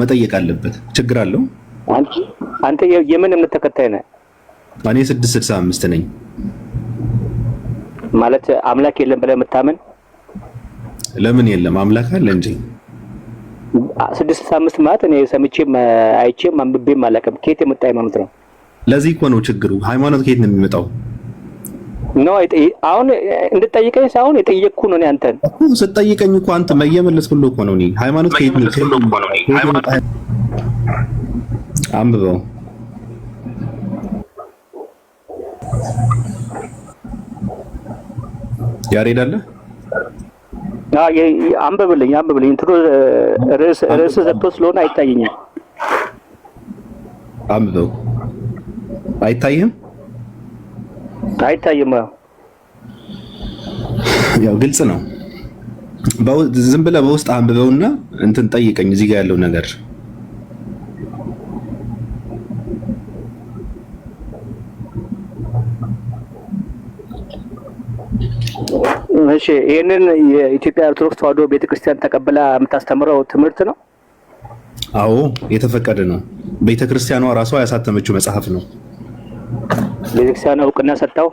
መጠየቅ አለበት። ችግር አለው? አንተ የምን እምነት ተከታይ ነህ? እኔ ስድስት ስልሳ አምስት ነኝ። ማለት አምላክ የለም ብለህ የምታምን ለምን የለም? አምላክ አለ እንጂ ስድስት ስልሳ አምስት ማለት እኔ ሰምቼም አይቼም አንብቤም አላውቅም። ከየት የመጣ ሃይማኖት ነው? ለዚህ እኮ ነው ችግሩ። ሃይማኖት ከየት ነው የሚመጣው? ኖ አሁን እንድጠይቀኝ ሳይሆን የጠየቅኩ ነው። አንተን ስጠይቀኝ እኮ አንተ መየመለስ ብሎ እኮ ነው። ሃይማኖት ከየት ነው? አንብበው ያሬድ አለ አንብብልኝ፣ አንብብልኝ እንትኑ ርዕስ ርዕስ ዘግቶ ስለሆነ አይታየኝም። አንብበው አይታይህም? አይታይም። ያው ግልጽ ነው። ዝም ብለህ በውስጥ አንብበውና እንትን ጠይቀኝ። እዚህ ጋር ያለው ነገር እሺ፣ ይህንን የኢትዮጵያ ኦርቶዶክስ ተዋህዶ ቤተክርስቲያን ተቀብላ የምታስተምረው ትምህርት ነው። አዎ፣ የተፈቀደ ነው። ቤተክርስቲያኗ ራሷ ያሳተመችው መጽሐፍ ነው። ቤተክርስቲያን እውቅና ሰጥተው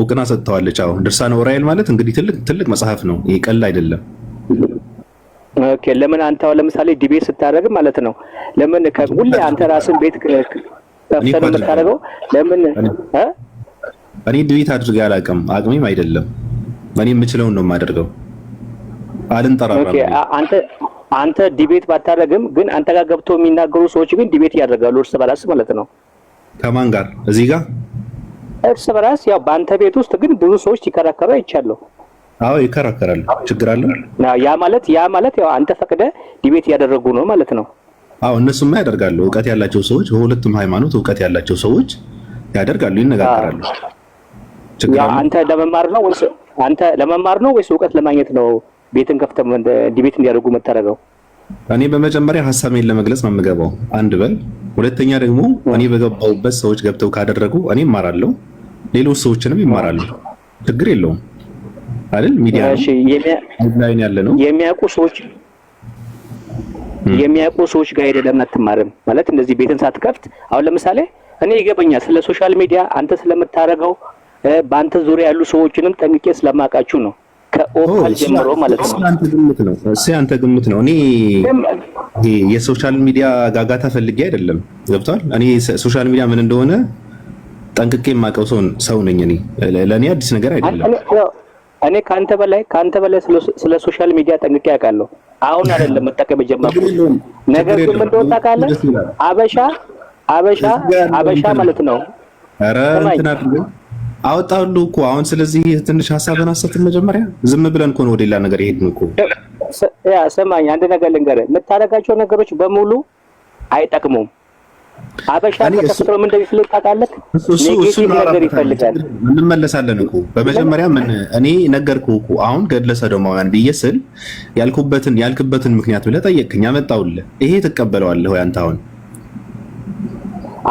እውቅና ሰጥተዋለች። አዎ ድርሳነ ዑራኤል ማለት እንግዲህ ትልቅ ትልቅ መጽሐፍ ነው። ይሄ ቀል አይደለም። ኦኬ ለምን አንተ ለምሳሌ ዲቤት ስታደርግ ማለት ነው ለምን ሁሌ አንተ ራስን ቤት ከፍተህ የምታደርገው ለምን? እኔ ድቤት አድርጌ አላውቅም፣ አቅሜም አይደለም። እኔ የምችለውን ነው የማደርገው። አልንጠራራም። አንተ አንተ ዲቤት ባታደርግም ግን አንተ ጋር ገብቶ የሚናገሩ ሰዎች ግን ዲቤት እያደርጋሉ እርስ በራስ ማለት ነው ከማን ጋር እዚህ ጋር እርስ በራስ ያው በአንተ ቤት ውስጥ ግን ብዙ ሰዎች ሲከራከሩ አይቻለሁ። አዎ ይከራከራሉ። ችግር አለ። ያ ማለት ያ ማለት ያው አንተ ፈቅደ ዲቤት እያደረጉ ነው ማለት ነው። አዎ እነሱማ ያደርጋሉ። እውቀት ያላቸው ሰዎች በሁለቱም ሃይማኖት እውቀት ያላቸው ሰዎች ያደርጋሉ፣ ይነጋገራሉ። ያው አንተ ለመማር ነው ወይስ አንተ ለመማር ነው ወይስ እውቀት ለማግኘት ነው ቤትን ከፍተ ዲቤት እንዲያደርጉ መታረገው? እኔ በመጀመሪያ ሀሳቤን ለመግለጽ ነው የምገባው። አንድ በል። ሁለተኛ ደግሞ እኔ በገባሁበት ሰዎች ገብተው ካደረጉ እኔ ይማራለሁ ሌሎች ሰዎችንም ይማራሉ። ችግር የለውም አይደል? ሚዲያ ላይ ያለ ነው የሚያውቁ ሰዎች የሚያውቁ ሰዎች ጋር ሄደህ ለምን አትማርም? ማለት እንደዚህ ቤትን ሳትከፍት አሁን ለምሳሌ እኔ ይገበኛ ስለ ሶሻል ሚዲያ አንተ ስለምታደርገው በአንተ ዙሪያ ያሉ ሰዎችንም ጠንቅቄ ስለማውቃችሁ ነው ከኦፓል ጀምሮ ማለት ነው። አንተ ግምት ነው እሱ አንተ ግምት ነው። እኔ የሶሻል ሚዲያ ጋጋታ ፈልጌ አይደለም። ገብቷል። እኔ ሶሻል ሚዲያ ምን እንደሆነ ጠንቅቄ የማውቀው ሰው ነኝ። እኔ ለእኔ አዲስ ነገር አይደለም። እኔ ከአንተ በላይ ከአንተ በላይ ስለ ሶሻል ሚዲያ ጠንቅቄ አውቃለሁ አሁን አይደለም መጠቀም የጀመርኩት ነገር ግን ምን አበሻ አበሻ አበሻ ማለት ነው። ኧረ እንትን አይደለም አወጣሁልህ እኮ አሁን። ስለዚህ ትንሽ ሀሳብን አሰትን መጀመሪያ ዝም ብለን እኮ ነው ወደ ሌላ ነገር ይሄድን እኮ። ያ ስማኝ፣ አንድ ነገር ልንገርህ፣ የምታደርጋቸው ነገሮች በሙሉ አይጠቅሙም። አበሻ ከተፈጥሮ ምን እንደሚፈልግ ታውቃለህ? ኔጌቲቭ ነገር ይፈልጋል። እንመለሳለን እኮ በመጀመሪያ ምን እኔ ነገርኩህ እኮ አሁን ገድለ ደማውያን ብዬ ስል ያልኩበትን ያልክበትን ምክንያት ብለህ ጠየቅኝ፣ አመጣሁልህ። ይሄ ትቀበለዋለህ ወይ አንተ? አሁን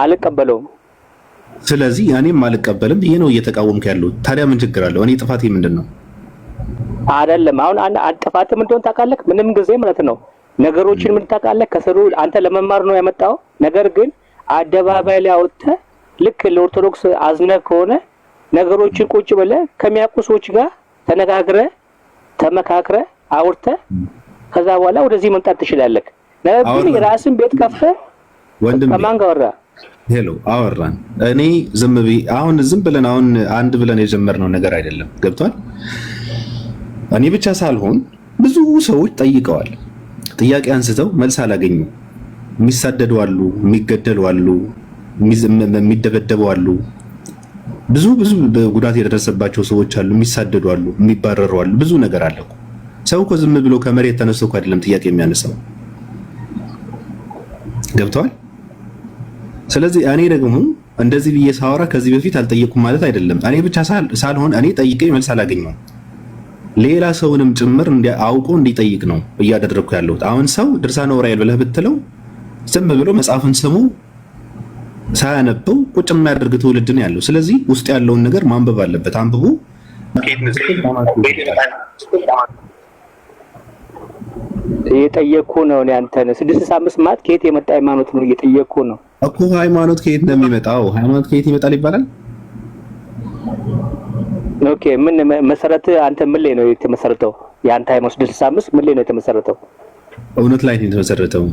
አልቀበለውም ስለዚህ እኔም አልቀበልም። ይሄ ነው እየተቃወምክ ያለው። ታዲያ ምን ችግር አለው? እኔ ጥፋቴ ምንድን ነው? አይደለም አሁን ጥፋት ምን እንደሆነ ታውቃለህ። ምንም ጊዜ ማለት ነው ነገሮችን ምን ታውቃለህ፣ ከስሩ አንተ ለመማር ነው ያመጣው። ነገር ግን አደባባይ ላይ አወጥተህ ልክ ለኦርቶዶክስ አዝነህ ከሆነ ነገሮችን ቁጭ ብለህ ከሚያውቁ ሰዎች ጋር ተነጋግረህ ተመካክረህ አውርተህ ከዛ በኋላ ወደዚህ መምጣት ትችላለህ። ነገር ግን የራስን ቤት ከፍተህ ከማን ጋር ወራ ሄሎ አወራን። እኔ ዝም ብዬ አሁን ዝም ብለን አሁን አንድ ብለን የጀመርነው ነገር አይደለም። ገብቷል። እኔ ብቻ ሳልሆን ብዙ ሰዎች ጠይቀዋል። ጥያቄ አንስተው መልስ አላገኙ። የሚሳደዱ አሉ፣ የሚገደሉ አሉ፣ የሚደበደቡ አሉ፣ ብዙ ብዙ ጉዳት የደረሰባቸው ሰዎች አሉ፣ የሚሳደዱ አሉ፣ የሚባረሩ አሉ። ብዙ ነገር አለ። ሰው እኮ ዝም ብሎ ከመሬት ተነስቶ አይደለም ጥያቄ የሚያነሳው። ገብተዋል ስለዚህ እኔ ደግሞ እንደዚህ ብዬ ሳወራ ከዚህ በፊት አልጠየቅኩም ማለት አይደለም። እኔ ብቻ ሳልሆን እኔ ጠይቄ መልስ አላገኘው ሌላ ሰውንም ጭምር አውቆ እንዲጠይቅ ነው እያደረግኩ ያለሁት። አሁን ሰው ድርሳነ ዑራኤል ብለህ ብትለው ዝም ብሎ መጽሐፍን ስሙ ሳያነበው ቁጭ የሚያደርግ ትውልድ ነው ያለው። ስለዚህ ውስጥ ያለውን ነገር ማንበብ አለበት። አንብቡ የጠየቅኩ ነው። አንተን ስድስት አምስት ማት ከየት የመጣ ሃይማኖት ነው እየጠየቅኩ ነው እኮ ሃይማኖት ከየት ነው የሚመጣው? ሃይማኖት ከየት ይመጣል ይባላል። ኦኬ ምን መሰረት አንተ ምን ላይ ነው የተመሰረተው? የአንተ ሃይማኖት ስድስት አምስት ምን ላይ ነው የተመሰረተው? እውነት ላይ ነው የተመሰረተው።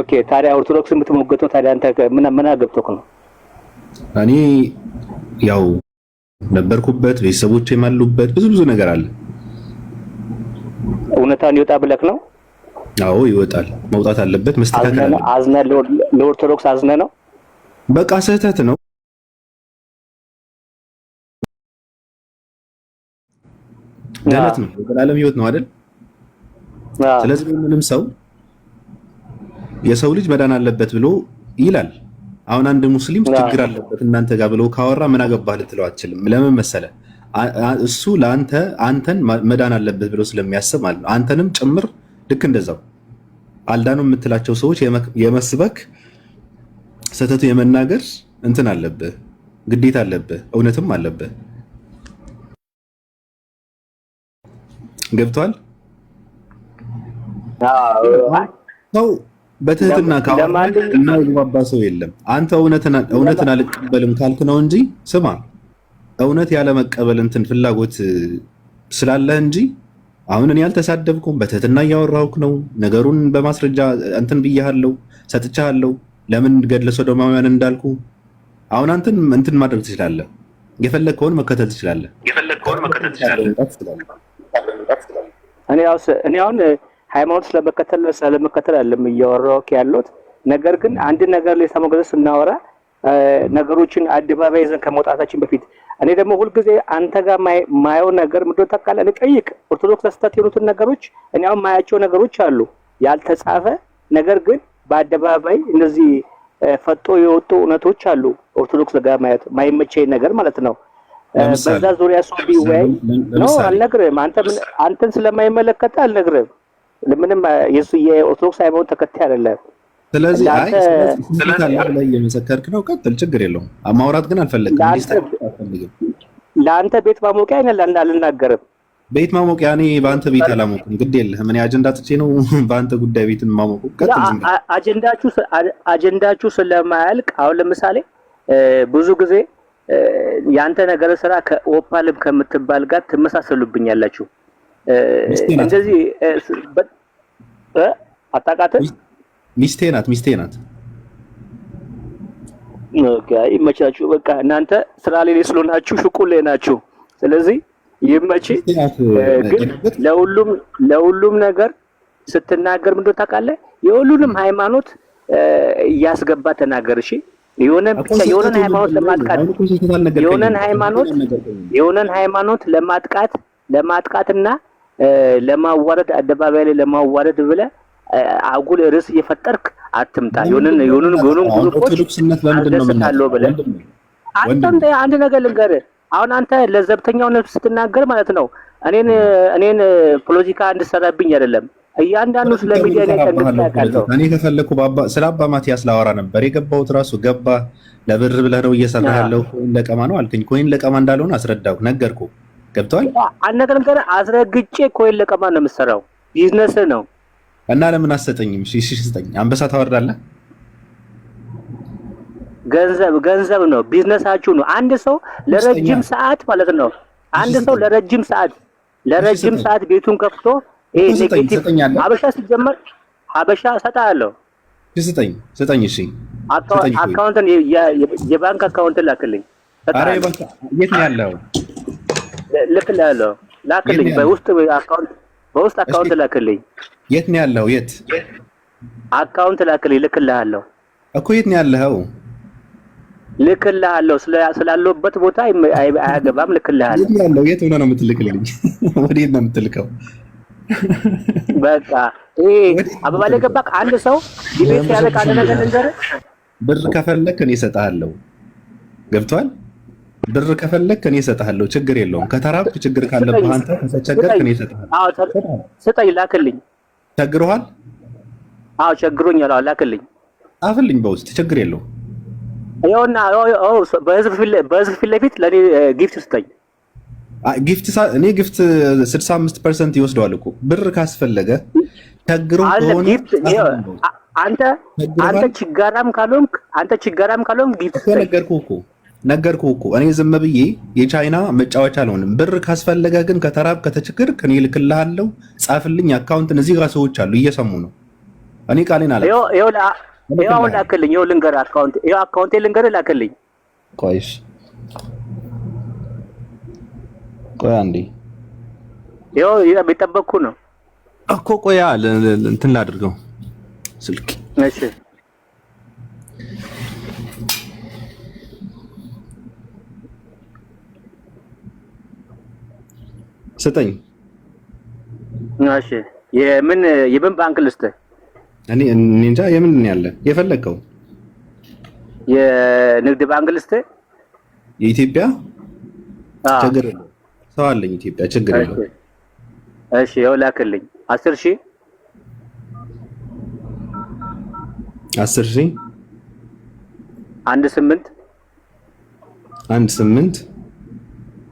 ኦኬ ታዲያ ኦርቶዶክስ የምትሞገተው ታዲያ አንተ ምን ምን አገብቶክ ነው? እኔ ያው ነበርኩበት፣ ቤተሰቦች የማሉበት ብዙ ብዙ ነገር አለ። እውነታን ይወጣ ብለክ ነው አዎ ይወጣል፣ መውጣት አለበት። መስተካከል አዝነ ለኦርቶዶክስ አዝነ ነው። በቃ ስህተት ነው። ገነት ነው፣ የዘላለም ህይወት ነው አይደል? ስለዚህ ምንም ሰው የሰው ልጅ መዳን አለበት ብሎ ይላል። አሁን አንድ ሙስሊም ችግር አለበት እናንተ ጋር ብሎ ካወራ ምን አገባህ ልትለው አትችልም። ለምን መሰለ? እሱ ለአንተ አንተን መዳን አለበት ብሎ ስለሚያስብ ማለት ነው አንተንም ጭምር ልክ እንደዛው አልዳኑ የምትላቸው ሰዎች የመስበክ ስህተቱ የመናገር እንትን አለብህ፣ ግዴታ አለብህ፣ እውነትም አለብህ። ገብቷል ሰው በትህትና እና የግባባ ሰው የለም። አንተ እውነትን አልቀበልም ካልክ ነው እንጂ ስማ፣ እውነት ያለመቀበል እንትን ፍላጎት ስላለህ እንጂ አሁን እኔ አልተሳደብኩም። በትህትና እያወራሁክ ነው። ነገሩን በማስረጃ እንትን ብያለው ሰጥቻለው፣ ለምን ገድለ ሶዶማውያን እንዳልኩ አሁን አንተን እንትን ማድረግ ትችላለህ። የፈለግከውን መከተል ትችላለ። እኔ አሁን ሃይማኖት ስለመከተል ስለመከተል አለም እያወራሁክ ያለሁት ነገር ግን አንድ ነገር ላይ ስናወራ ነገሮችን አደባባይ ይዘን ከመውጣታችን በፊት እኔ ደግሞ ሁልጊዜ አንተ ጋር ማየው ነገር ምንድን ተካለ እኔ ጠይቅ ኦርቶዶክስ ስህተት የሆኑትን ነገሮች እኔ አሁን ማያቸው ነገሮች አሉ ያልተጻፈ ነገር ግን በአደባባይ እነዚህ ፈጦ የወጡ እውነቶች አሉ። ኦርቶዶክስ ጋር ማየት ማይመቸኝ ነገር ማለት ነው። በዛ ዙሪያ ሰው ቢወያይ ነው። አልነግርህም፣ አንተን ስለማይመለከተ አልነግርህም። ምንም የኦርቶዶክስ ሃይማኖት ተከታይ አይደለም። ስለዚህ አይ ስለዚህ እየመሰከርክ ነው፣ ቀጥል፣ ችግር የለውም። ማውራት ግን አልፈለግም። ለአንተ ቤት ማሞቂያ አይነ አልናገርም። ቤት ማሞቂያ እኔ በአንተ ቤት አላሞቅም። ግድ የለህም። እኔ አጀንዳ ጥቼ ነው በአንተ ጉዳይ ቤትን ማሞቁ። ቀጥል። ዝም ብለህ አጀንዳችሁ አጀንዳችሁ ስለማያልቅ አሁን ለምሳሌ ብዙ ጊዜ የአንተ ነገር ስራ ከኦፓልም ከምትባል ጋር ትመሳሰሉብኛላችሁ። እንደዚህ አታውቃትም ሚስቴ ናት፣ ሚስቴ ናት። ይመቻችሁ። በቃ እናንተ ስራ ሌሌ ስለሆናችሁ ሽቁሌ ናችሁ። ስለዚህ ይመች። ግን ለሁሉም ለሁሉም ነገር ስትናገር ምንድን ታውቃለህ? የሁሉንም ሃይማኖት እያስገባ ተናገር። እሺ የሆነን ብቻ የሆነን ሃይማኖት ለማጥቃት የሆነን ሃይማኖት የሆነን ሃይማኖት ለማጥቃት ለማጥቃትና ለማዋረድ አደባባይ ላይ ለማዋረድ ብለህ አጉል ርዕስ እየፈጠርክ አትምጣ። የሆንን የሆንን የሆንን ኦርቶዶክስነት ለምንድን ነው ምናለው ብለህ አንተ አንድ ነገር ልንገርህ። አሁን አንተ ለዘብተኛው ነፍስ ስትናገር ማለት ነው እኔን እኔን ፖለቲካ እንድሰራብኝ አይደለም እያንዳንዱ ስለ ሚዲያ ላይ ተንቀሳቀሰው እኔ ተፈለኩ ባባ ስለ አባ ማቲያስ ላወራ ነበር የገባሁት። ራሱ ገባ ለብር ብለህ ነው እየሰራህ ያለው ኮይን ለቀማ ነው አልከኝ። ኮይን ለቀማ እንዳልሆነ አስረዳው ነገርኩ። ገብቷል። አንድ ነገር አስረግጬ ኮይን ለቀማ ነው የምሰራው ቢዝነስ ነው እና ለምን አሰጠኝም? እሺ ስጠኝ። አንበሳ ታወርዳለህ። ገንዘብ ገንዘብ ነው፣ ቢዝነሳችሁ ነው። አንድ ሰው ለረጅም ሰዓት ማለት ነው። አንድ ሰው ለረጅም ሰዓት ለረጅም ሰዓት ቤቱን ከፍቶ ይሄ ኔጌቲቭ ሀበሻ ሲጀመር ሀበሻ እሰጥሃለሁ። ስጠኝ ስጠኝ። እሺ አካውንትን የባንክ አካውንትን ላክልኝ። የት ነው ያለው? ልክልሃለሁ። ላክልኝ በውስጥ አካውንት በውስጥ አካውንት ላክልኝ። የት ነው ያለው? የት አካውንት ላክልኝ። ልክልሃለሁ እኮ የት ነው ያለኸው? ልክልሃለሁ። ስላለሁበት ቦታ አያገባም። ልክልሃለሁ። የት ነው ያለው? የት ሆነ ነው የምትልክልኝ? ወዴት ነው የምትልከው? በቃ ይሄ አበባ ላይ አንድ ሰው ዲቤት ያለቃ አንድ ነገር ብር ከፈለክ እኔ እሰጥሃለሁ። ገብቷል ብር ከፈለክ እኔ እሰጥሃለሁ፣ ችግር የለውም። ከተራብክ ችግር ካለብህ አንተ ከተቸገርክ እኔ እሰጥሃለሁ። ስጠኝ፣ ላክልኝ። ቸግሮሃል? አዎ ቸግሮኛል። ላክልኝ፣ ጻፍልኝ በውስጥ ችግር የለውም። ይኸውና በህዝብ ፊት ለፊት ለእኔ ጊፍት ስጠኝ። ጊፍት እኔ ጊፍት 65 ፐርሰንት ይወስደዋል እኮ ብር ካስፈለገ ቸግሮ ከሆነ አንተ አንተ ችጋራም ካልሆንክ አንተ ችጋራም ካልሆንክ ጊፍት ስጠኝ። ነገርኩህ እኮ ነገርኩ እኮ እኔ ዝም ብዬ የቻይና መጫወቻ አልሆንም። ብር ካስፈለገ ግን ከተራብ ከተችግር ከኔ እልክልሃለሁ፣ ጻፍልኝ አካውንትን። እዚህ ጋር ሰዎች አሉ እየሰሙ ነው። እኔ ቃሌን አለ አሁን ላክልኝ፣ ይኸው ልንገርህ፣ አካውንቴ ልንገርህ፣ ላክልኝ። ቆይሽ ቆይ አንዴ፣ ይኸው የጠበቅኩህ ነው እኮ። ቆያ እንትን ላድርገው ስልክ። እሺ ስጠኝ። እሺ የምን የምን ባንክ ልስጥ? እኔ እንጃ የምን ያለ የፈለግከው የንግድ ባንክ ልስጥ? የኢትዮጵያ ችግር ሰው አለኝ። ኢትዮጵያ ችግር የለው። እሺ ያው ላክልኝ። አስር ሺህ አስር ሺህ አንድ ስምንት አንድ ስምንት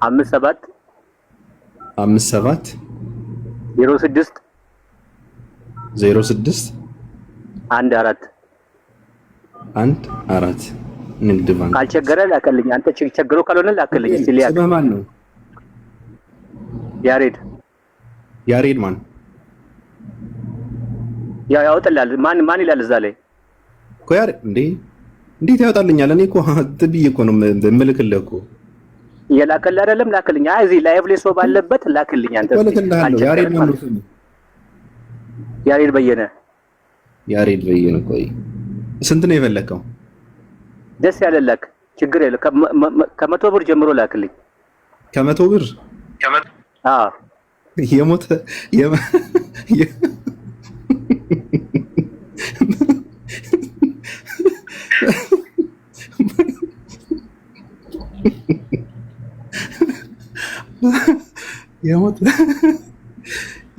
አምስት ሰባት አምስት ሰባት ዜሮ ስድስት ዜሮ ስድስት አንድ አራት አንድ አራት ንግድ ባንክ ካልቸገረ ላከልኝ። አንተ ቸግሮ ካልሆነ ላከልኝ። እስቲ ሊያ ነው? ያሬድ ያሬድ ማን ያው ያወጣልሃል። ማን ማን ይላል እዛ ላይ እኮ እንዴ! እንዴት ያወጣልኛል? እኔ እኮ ትብዬ እኮ ነው የምልክልህ እኮ እየላከልህ አይደለም ላክልኝ። አይ እዚህ ላይቭ ላይ ሰው ባለበት ላክልኝ። አንተ ያሬድ በየነ ያሬድ በየነ ቆይ ስንት ነው የፈለከው? ደስ ያለህ ችግር የለ። ከመቶ ብር ጀምሮ ላክልኝ። ከመቶ ብር አዎ። የሞተ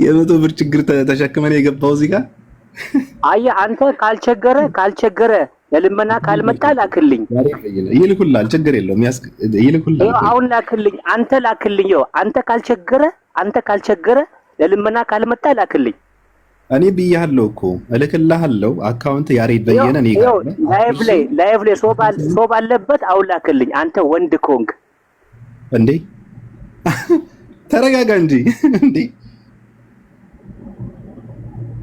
የመቶ ብር ችግር ተሸክመን የገባው እዚህ ጋር አየህ። አንተ ካልቸገረ ካልቸገረ ለልመና ካልመጣ ላክልኝ፣ ይልኩልሃል። ችግር የለውም ይልኩልሃል። አሁን ላክልኝ፣ አንተ ላክልኝ። ይኸው አንተ ካልቸገረ አንተ ካልቸገረ ለልመና ካልመጣ ላክልኝ። እኔ ብያለሁ እኮ እልክልሃለሁ። አካውንት ያሬድ በየነ እኔ ጋር ላይቭ ላይ ላይቭ ላይ ሶብ አለበት። አሁን ላክልኝ አንተ ወንድ ኮንግ እንዴ ተረጋጋ እንጂ እንዴ!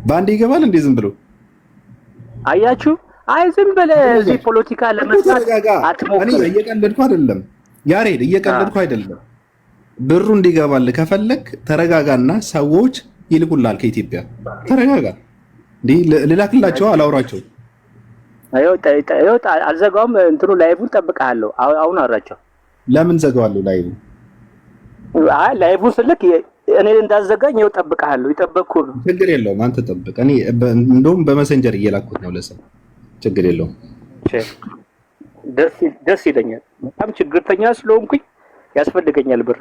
በአንድ ይገባል እንዴ? ዝም ብሎ አያችሁ። አይ ዝም ብለህ እዚህ ፖለቲካ ለመስራት አትሞክር። እየቀለድኩ አይደለም ያሬድ፣ እየቀለድኩ አይደለም። ብሩ እንዲገባል ከፈለግ ተረጋጋና ሰዎች ይልኩላል ከኢትዮጵያ። ተረጋጋ እንዴ! ልላክላቸው አላውራቸው። አልዘጋውም። እንትኑ ላይቡን ጠብቀሃለሁ አሁን አውራቸው። ለምን ዘጋዋለሁ ላይቡን አይ ላይቡን ስልክ እኔ እንዳዘጋኝ ይኸው ጠብቀሃለሁ። ይጠበቅኩ ነው። ችግር የለውም አንተ ጠብቅ። እኔ እንደውም በመሰንጀር እየላኩት ነው ለሰው። ችግር የለውም ደስ ይለኛል። በጣም ችግርተኛ ስለሆንኩኝ ያስፈልገኛል ብር።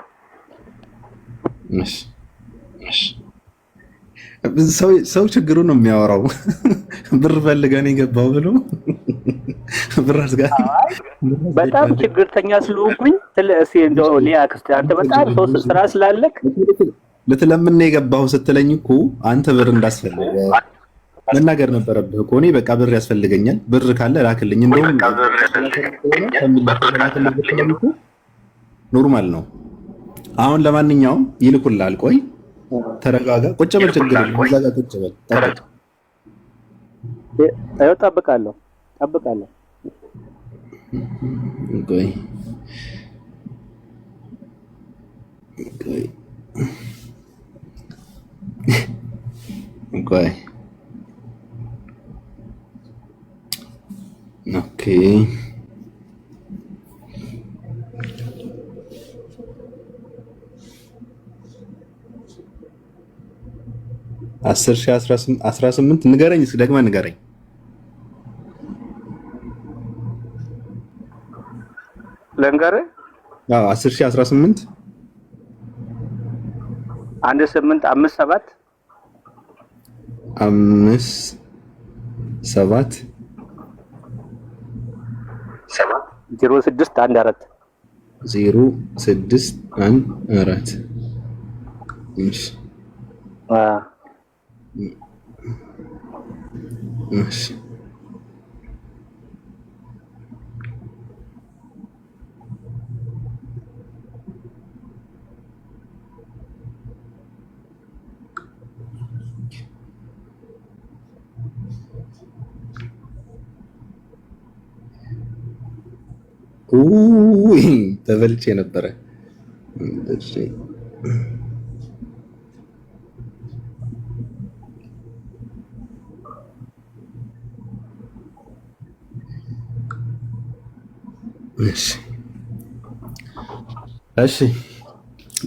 ሰው ችግሩ ነው የሚያወራው ብር ፈልገን የገባው ብሎ ብራስ ጋር በጣም ችግርተኛ ስለሆንኩኝ ስለዚህ እንደው ሊያ ክስቲ አንተ በጣም ሰው ስራ ስላለክ ልትለምን የገባሁ ስትለኝ እኮ አንተ ብር እንዳስፈልገ መናገር ነበረብህ እኮ። እኔ በቃ ብር ያስፈልገኛል፣ ብር ካለ ላክልኝ። እንደውም ኖርማል ነው። አሁን ለማንኛውም ይልኩላል። ቆይ ተረጋጋ፣ ቁጭ በል፣ ችግር የለም። እዛ ጋር ቁጭ በል፣ ጠብቃለሁ፣ ጠብቃለሁ Ok. Ok. ok. Ok. አስር ሺህ አስራ ስምንት ንገረኝ፣ እስኪ ደግመህ ንገረኝ። ለንገር አስር ሺህ አስራ ስምንት አንድ ስምንት አምስት ሰባት አምስት ሰባት ሰባት ዜሮ ስድስት አንድ አራት ዜሮ ስድስት አንድ አራት እሺ ተበልቼ ነበረ። እሺ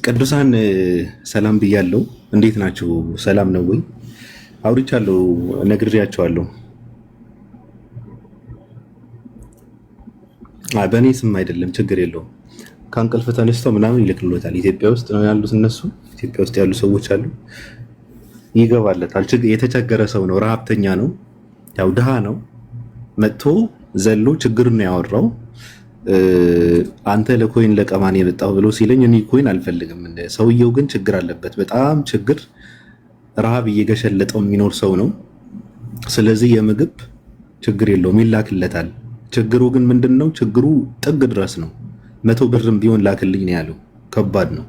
ቅዱሳን ሰላም ብያለሁ። እንዴት ናችሁ? ሰላም ነው ወይ? አውርቻለሁ፣ ነግሬያቸዋለሁ። በእኔ ስም አይደለም ችግር የለውም። ከእንቅልፍ ተነስተው ምናምን ይልክሎታል። ኢትዮጵያ ውስጥ ነው ያሉት እነሱ ኢትዮጵያ ውስጥ ያሉ ሰዎች አሉ። ይገባለታል። የተቸገረ ሰው ነው፣ ረሀብተኛ ነው፣ ያው ድሃ ነው። መጥቶ ዘሎ ችግር ነው ያወራው። አንተ ለኮይን ለቀማን የመጣው ብሎ ሲለኝ እኔ ኮይን አልፈልግም። ሰውየው ግን ችግር አለበት፣ በጣም ችግር፣ ረሃብ እየገሸለጠው የሚኖር ሰው ነው። ስለዚህ የምግብ ችግር የለውም፣ ይላክለታል። ችግሩ ግን ምንድን ነው? ችግሩ ጥግ ድረስ ነው። መቶ ብርም ቢሆን ላክልኝ ነው ያለው። ከባድ ነው።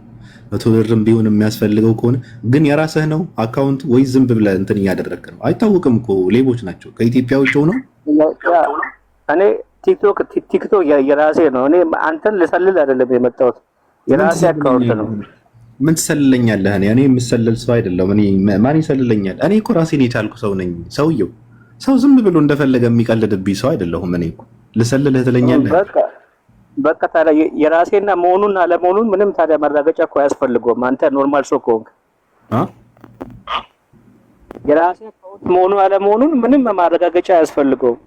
መቶ ብርም ቢሆን የሚያስፈልገው ከሆነ ግን የራስህ ነው አካውንት ወይ ዝም ብለህ እንትን እያደረግ ነው። አይታወቅም እኮ ሌቦች ናቸው። ከኢትዮጵያ ውጭ ነው። እኔ ቲክቶክ ቲክቶክ የራሴ ነው። እኔ አንተን ልሰልል አይደለም የመጣሁት የራሴ አካውንት ነው። ምን ትሰልለኛለህ? እኔ የምሰልል ሰው አይደለም። ማን ይሰልለኛል? እኔ እኮ ራሴን የቻልኩ ሰው ነኝ ሰውየው ሰው ዝም ብሎ እንደፈለገ የሚቀልድብኝ ሰው አይደለሁም። እኔ ልሰልልህ ትለኛለህ። በቃ ታዲያ የራሴና መሆኑን አለመሆኑን ምንም ታዲያ መረጋገጫ እኮ አያስፈልገውም። አንተ ኖርማል ሰው ከሆንክ የራሴ መሆኑ አለመሆኑን ምንም ማረጋገጫ አያስፈልገውም።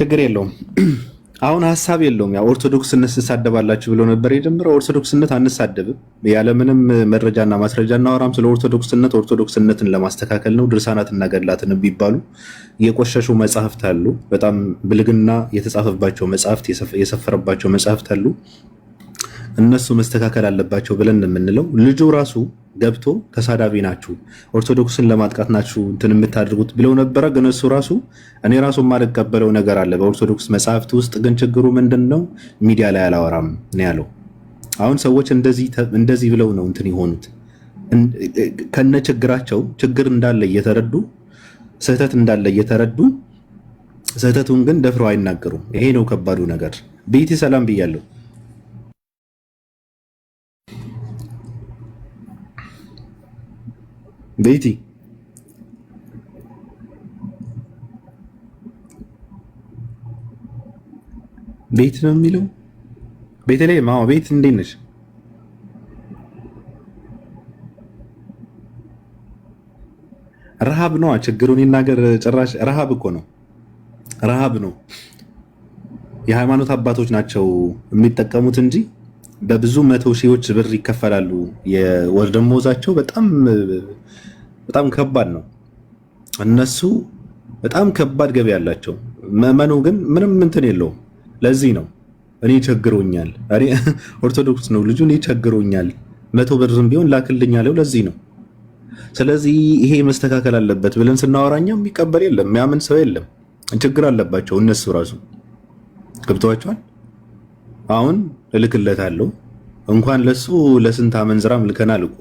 ችግር የለውም። አሁን ሀሳብ የለውም። ያ ኦርቶዶክስነት ትሳደባላችሁ ብሎ ነበር የጀመረው ኦርቶዶክስነት አንሳደብም፣ ያለምንም መረጃና ማስረጃ እናወራም ስለ ኦርቶዶክስነት። ኦርቶዶክስነትን ለማስተካከል ነው። ድርሳናትና ገድላትን ቢባሉ የቆሸሹ መጽሐፍት አሉ። በጣም ብልግና የተጻፈባቸው መጽሐፍት የሰፈረባቸው መጽሐፍት አሉ። እነሱ መስተካከል አለባቸው ብለን የምንለው ልጁ ራሱ ገብቶ ተሳዳቢ ናችሁ፣ ኦርቶዶክስን ለማጥቃት ናችሁ እንትን የምታደርጉት ብለው ነበረ። ግን እሱ ራሱ እኔ ራሱ የማልቀበለው ነገር አለ በኦርቶዶክስ መጽሐፍት ውስጥ። ግን ችግሩ ምንድን ነው? ሚዲያ ላይ አላወራም ነው ያለው። አሁን ሰዎች እንደዚህ ብለው ነው እንትን የሆኑት ከነ ችግራቸው ችግር እንዳለ እየተረዱ ስህተት እንዳለ እየተረዱ ስህተቱን ግን ደፍረው አይናገሩም። ይሄ ነው ከባዱ ነገር። ቤቴ ሰላም ብያለሁ። ቤቲ ቤት ነው የሚለው። ቤተልሔም አዎ፣ ቤት እንዴት ነሽ? ረሃብ ነዋ ችግሩን ይናገር። ጭራሽ ረሃብ እኮ ነው፣ ረሃብ ነው። የሃይማኖት አባቶች ናቸው የሚጠቀሙት እንጂ በብዙ መቶ ሺዎች ብር ይከፈላሉ። የወር ደመወዛቸው በጣም በጣም ከባድ ነው። እነሱ በጣም ከባድ ገቢ ያላቸው፣ መመኑ ግን ምንም እንትን የለውም። ለዚህ ነው እኔ ቸግሮኛል፣ ኦርቶዶክስ ነው ልጁ፣ እኔ ቸግሮኛል፣ መቶ ብርም ቢሆን ላክልኝ አለው። ለዚህ ነው። ስለዚህ ይሄ መስተካከል አለበት ብለን ስናወራኛ የሚቀበል የለም፣ የሚያምን ሰው የለም። ችግር አለባቸው እነሱ ራሱ ገብተዋቸዋል አሁን እልክለታለሁ። እንኳን ለሱ ለስንት አመንዝራም ልከናል እኮ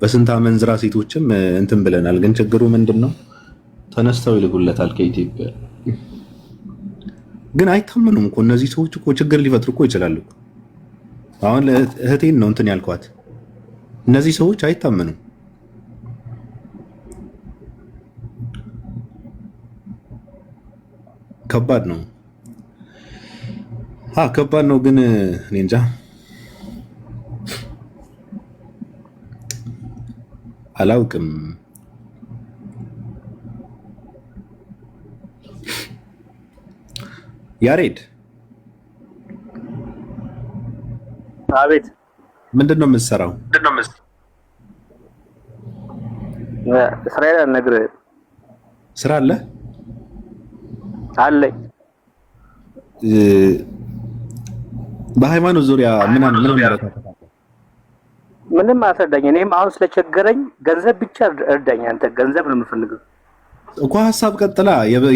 በስንት አመንዝራ ሴቶችም እንትን ብለናል። ግን ችግሩ ምንድን ነው? ተነስተው ይልኩለታል ከኢትዮጵያ። ግን አይታመኑም እኮ እነዚህ ሰዎች እኮ ችግር ሊፈጥሩ እኮ ይችላሉ። አሁን እህቴን ነው እንትን ያልኳት፣ እነዚህ ሰዎች አይታመኑም። ከባድ ነው። ከባድ ነው ግን እኔ እንጃ አላውቅም። ያሬድ አቤት፣ ምንድን ነው የምትሰራው? ስራዬን አልነግርህም። ስራ አለ አለኝ በሃይማኖት ዙሪያ ምናምን ምን ምንም አትርዳኝ። እኔም አሁን ስለቸገረኝ ገንዘብ ብቻ እርዳኝ። አንተ ገንዘብ ነው የምፈልገው እኮ ሀሳብ ቀጥላ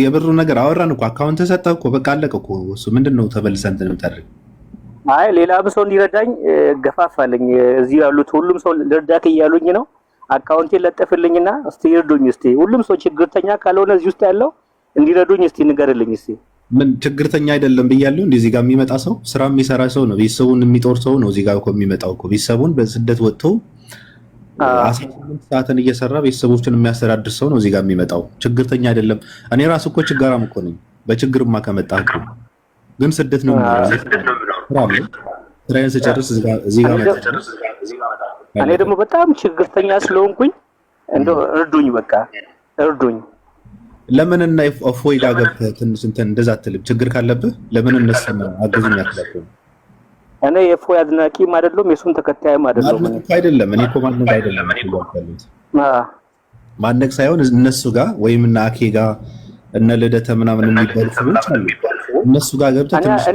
የብሩ ነገር አወራን እኮ አካውንት ሰጠ እኮ በቃ አለቀ እኮ። እሱ ምንድን ነው ተመልሰን ትንምጠር አይ ሌላ ሰው እንዲረዳኝ ገፋፋልኝ። እዚህ ያሉት ሁሉም ሰው ልርዳክ እያሉኝ ነው። አካውንቴን ለጠፍልኝና እስቲ ይርዱኝ። እስቲ ሁሉም ሰው ችግርተኛ ካልሆነ እዚህ ውስጥ ያለው እንዲረዱኝ እስቲ ንገርልኝ እስቲ ምን ችግርተኛ አይደለም ብያለሁ። እንደ እዚህ ጋር የሚመጣ ሰው ስራ የሚሰራ ሰው ነው። ቤተሰቡን የሚጦር ሰው ነው። እዚህ ጋር እኮ የሚመጣው እኮ ቤተሰቡን በስደት ወጥቶ አስራስምንት ሰዓትን እየሰራ ቤተሰቦችን የሚያስተዳድር ሰው ነው እዚህ ጋር የሚመጣው። ችግርተኛ አይደለም። እኔ ራሱ እኮ ችጋራም እኮ ነኝ። በችግርማ ከመጣ ግን ስደት ነው። ስራዬን ስጨርስ እዚህ ጋር እኔ ደግሞ በጣም ችግርተኛ ስለሆንኩኝ እንደው እርዱኝ፣ በቃ እርዱኝ ለምን እና ፎይዳ ገብተህ ትንሽ እንትን እንደዛ አትልም? ችግር ካለብህ ለምን እነሱ አገዙኝ አትላቸውም? እኔ የፎይ አድናቂም አይደለም የሱም ተከታይም አይደለም። አይደለም እኔ እኮ ማነግ አይደለም ማነግ ሳይሆን እነሱ ጋር ወይም እና አኬ ጋር እነ ልደተ ምናምን የሚባሉ ሰዎች አሉ። እነሱ ጋር ገብተህ ትንሽ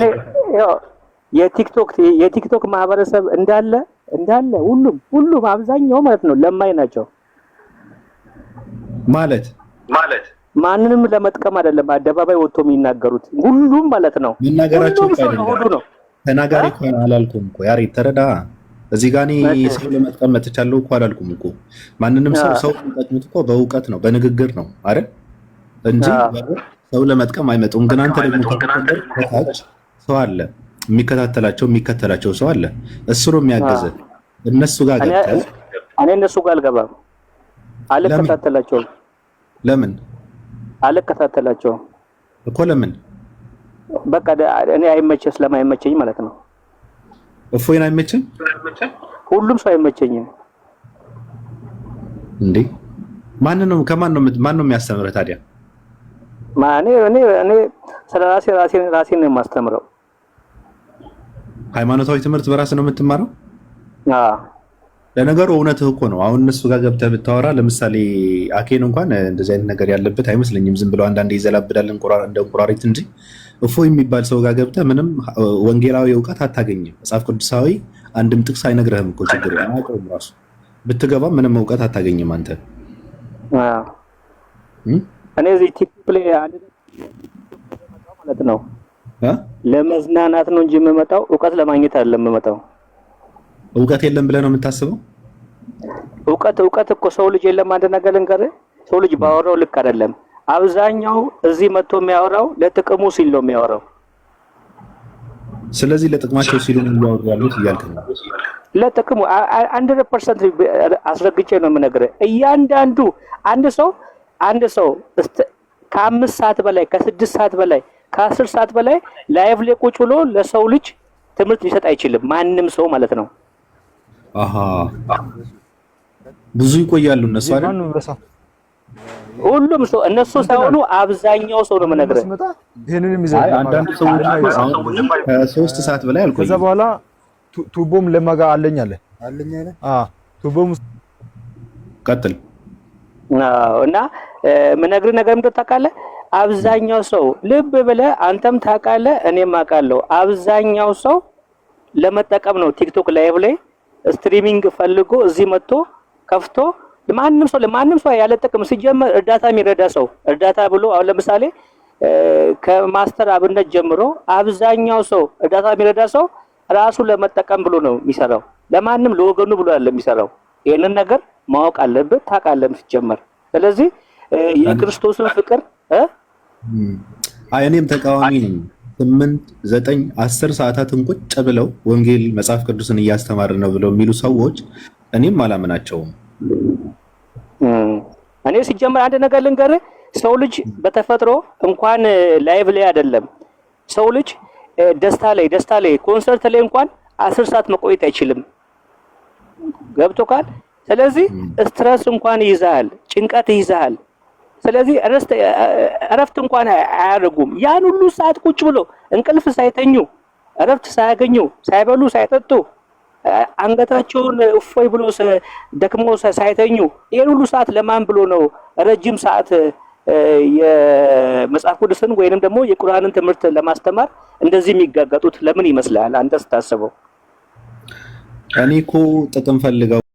የቲክቶክ የቲክቶክ ማህበረሰብ እንዳለ እንዳለ ሁሉም ሁሉም አብዛኛው ማለት ነው ለማኝ ናቸው ማለት ማለት ማንንም ለመጥቀም አይደለም አደባባይ ወጥቶ የሚናገሩት ሁሉም ማለት ነው። መናገራቸው ነው ተናጋሪ ከሆነ አላልኩም እኮ ያሬ ተረዳ። እዚህ ጋ እኔ ሰው ለመጥቀም መጥቻለሁ እኮ አላልኩም እኮ። ማንንም ሰው ሰው የሚጠቅሙት እኮ በእውቀት ነው በንግግር ነው አረ እንጂ ሰው ለመጥቀም አይመጡም። ግን አንተ ደግሞ ከታች ሰው አለ የሚከታተላቸው የሚከተላቸው ሰው አለ። እሱ የሚያገዘ እነሱ ጋር ገብተህ እኔ እነሱ ጋር አልገባም አልከታተላቸውም ለምን አልከታተላቸውም እኮ ለምን በቃ እኔ አይመቸ ስለማይመቸኝ ማለት ነው። እፎይን አይመቸኝ ሁሉም ሰው አይመቸኝም። እንዴ ማን ነው ከማን ነው ማን ነው ታዲያ? ማኔ እኔ እኔ ስለ ራሴ ራሴን ራሴን ነው የማስተምረው። ሃይማኖታዊ ትምህርት በራስ ነው የምትማረው? አዎ ለነገሩ እውነትህ እኮ ነው። አሁን እነሱ ጋር ገብተህ ብታወራ ለምሳሌ አኬን እንኳን እንደዚህ አይነት ነገር ያለበት አይመስለኝም። ዝም ብለው አንዳንዴ ይዘላብዳል እንደ እንቁራሪት እንጂ እፎ የሚባል ሰው ጋር ገብተህ ምንም ወንጌላዊ እውቀት አታገኝም። መጽሐፍ ቅዱሳዊ አንድም ጥቅስ አይነግረህም እኮ ችግር አያውቀውም። ራሱ ብትገባ ምንም እውቀት አታገኝም አንተ እኔ እዚህ ቲፕ ላይ ማለት ነው ለመዝናናት ነው እንጂ የምመጣው እውቀት ለማግኘት አይደለም የምመጣው እውቀት የለም ብለህ ነው የምታስበው? እውቀት እውቀት እኮ ሰው ልጅ የለም። አንድ ነገር ልንገርህ፣ ሰው ልጅ ባወራው ልክ አይደለም። አብዛኛው እዚህ መጥቶ የሚያወራው ለጥቅሙ ሲል ነው የሚያወራው። ስለዚህ ለጥቅማቸው ሲሉ የሚያወሩ ያሉት እያልክ ነው። ለጥቅሙ አንድ ፐርሰንት አስረግጬ ነው የምነግርህ። እያንዳንዱ አንድ ሰው አንድ ሰው ከአምስት ሰዓት በላይ ከስድስት ሰዓት በላይ ከአስር ሰዓት በላይ ላይቭ ላይ ቁጭ ብሎ ለሰው ልጅ ትምህርት ሊሰጥ አይችልም፣ ማንም ሰው ማለት ነው። ብዙ ይቆያሉ እነሱ አይደል? ሁሉም ሰው እነሱ ሳይሆኑ አብዛኛው ሰው ነው የምነግርህ። አንዳንድ ከሶስት ሰዓት በላይ አልቆይም። ከዛ በኋላ ቱቦም ለማጋ አለኝ አለ ቱቦም ቀጥል እና የምነግርህ ነገር ምንድን ታውቃለህ? አብዛኛው ሰው ልብ ብለህ አንተም ታውቃለህ፣ እኔም አውቃለሁ። አብዛኛው ሰው ለመጠቀም ነው ቲክቶክ ላይቭ ላይ ስትሪሚንግ ፈልጎ እዚህ መጥቶ ከፍቶ ለማንም ሰው ለማንም ሰው ያለ ጥቅም ሲጀመር እርዳታ የሚረዳ ሰው እርዳታ ብሎ አሁን ለምሳሌ ከማስተር አብነት ጀምሮ አብዛኛው ሰው እርዳታ የሚረዳ ሰው ራሱ ለመጠቀም ብሎ ነው የሚሰራው። ለማንም ለወገኑ ብሎ አይደለም የሚሰራው ይህንን ነገር ማወቅ አለብህ። ታውቃለህ ሲጀመር። ስለዚህ የክርስቶስን ፍቅር እኔም ተቃዋሚ ነኝ ስምንት ዘጠኝ አስር ሰዓታትን ቁጭ ብለው ወንጌል መጽሐፍ ቅዱስን እያስተማር ነው ብለው የሚሉ ሰዎች እኔም አላምናቸውም። እኔ ሲጀምር አንድ ነገር ልንገር ሰው ልጅ በተፈጥሮ እንኳን ላይቭ ላይ አይደለም ሰው ልጅ ደስታ ላይ ደስታ ላይ ኮንሰርት ላይ እንኳን አስር ሰዓት መቆየት አይችልም። ገብቶካል? ስለዚህ ስትረስ እንኳን ይይዛል፣ ጭንቀት ይይዛል። ስለዚህ እረፍት እንኳን አያደርጉም። ያን ሁሉ ሰዓት ቁጭ ብሎ እንቅልፍ ሳይተኙ እረፍት ሳያገኙ ሳይበሉ ሳይጠጡ አንገታቸውን እፎይ ብሎ ደክሞ ሳይተኙ ይህን ሁሉ ሰዓት ለማን ብሎ ነው ረጅም ሰዓት የመጽሐፍ ቅዱስን ወይንም ደግሞ የቁርአንን ትምህርት ለማስተማር እንደዚህ የሚጋገጡት ለምን ይመስላል? አንተ ስታስበው እኔ እኮ ጥቅም ፈልገው